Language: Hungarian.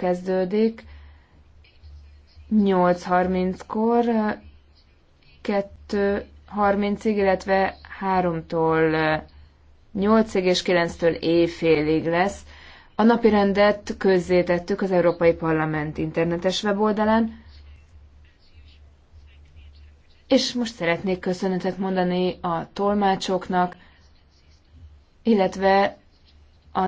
kezdődik, 8.30-kor, 2.30-ig, illetve 3-tól 8-ig és 9-től éjfélig lesz. A napi rendet közzétettük az Európai Parlament internetes weboldalán, és most szeretnék köszönetet mondani a tolmácsoknak, illetve